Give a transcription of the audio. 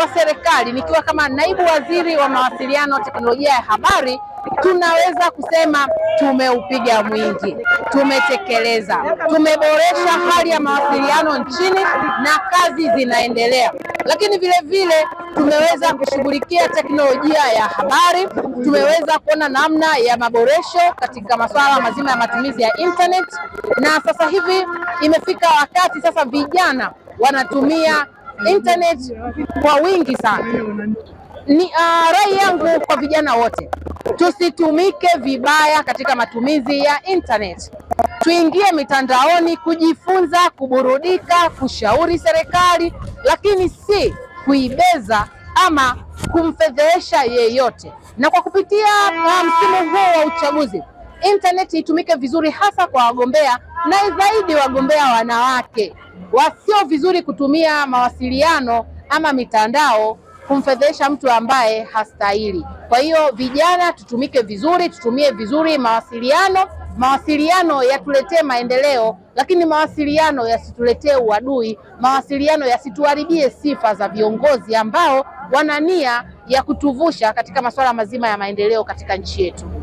wa serikali, nikiwa kama naibu waziri wa mawasiliano, teknolojia ya habari, tunaweza kusema tumeupiga mwingi, tumetekeleza, tumeboresha hali ya mawasiliano nchini na kazi zinaendelea. Lakini vile vile tumeweza kushughulikia teknolojia ya habari, tumeweza kuona namna ya maboresho katika masuala mazima ya matumizi ya internet, na sasa hivi imefika wakati sasa vijana wanatumia internet kwa wingi sana. Ni uh, rai yangu kwa vijana wote tusitumike vibaya katika matumizi ya internet. Tuingie mitandaoni kujifunza, kuburudika, kushauri serikali, lakini si kuibeza ama kumfedhesha yeyote. Na kwa kupitia ah, msimu huu wa uchaguzi intaneti itumike vizuri, hasa kwa wagombea na zaidi wagombea wanawake wasio vizuri kutumia mawasiliano ama mitandao kumfedhesha mtu ambaye hastahili. Kwa hiyo vijana, tutumike vizuri, tutumie vizuri mawasiliano. Mawasiliano yatuletee maendeleo, lakini mawasiliano yasituletee uadui. Mawasiliano yasituharibie sifa za viongozi ambao wana nia ya kutuvusha katika masuala mazima ya maendeleo katika nchi yetu.